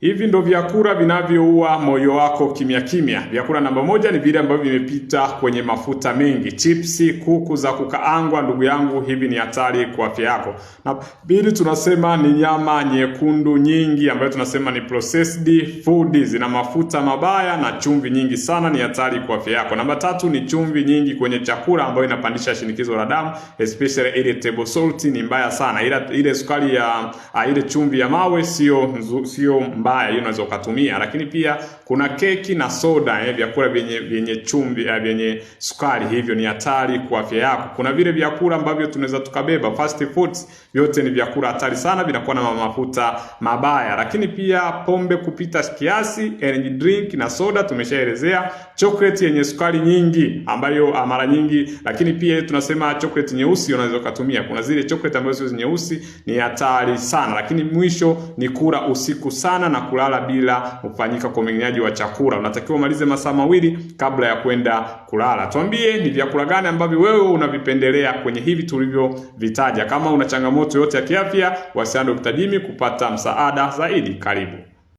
Hivi ndo vyakula vinavyoua moyo wako kimya kimya. Vyakula namba moja ni vile ambavyo vimepita kwenye mafuta mengi, chipsi, kuku za kukaangwa. Ndugu yangu, hivi ni hatari kwa afya yako. Na pili tunasema ni nyama nyekundu nyingi, ambayo tunasema ni processed food, zina mafuta mabaya na chumvi nyingi sana, ni hatari kwa afya yako. Namba tatu ni chumvi nyingi kwenye chakula, ambayo inapandisha shinikizo la damu, especially ile table salt ni mbaya sana. Ila ile sukari ya ah, ile chumvi ya mawe sio sio mbaya hiyo unaweza ukatumia, lakini pia kuna keki na soda eh, vyakula vyenye vyenye chumvi eh, vyenye sukari, hivyo ni hatari kwa afya yako. Kuna vile vyakula ambavyo tunaweza tukabeba fast foods, vyote ni vyakula hatari sana, vinakuwa na mafuta mabaya. Lakini pia pombe kupita kiasi, energy drink na soda tumeshaelezea, chocolate yenye sukari nyingi ambayo ah, mara nyingi, lakini pia tunasema chocolate nyeusi unaweza ukatumia. Kuna zile chocolate ambazo nyeusi ni hatari sana, lakini mwisho ni kula usiku sana na na kulala bila kufanyika kwa wa chakula. Unatakiwa umalize masaa mawili kabla ya kwenda kulala. Tuambie ni vyakula gani ambavyo wewe unavipendelea kwenye hivi tulivyovitaja. Kama una changamoto yote ya kiafya, wasiliana na Dr. Jimmy kupata msaada zaidi. Karibu.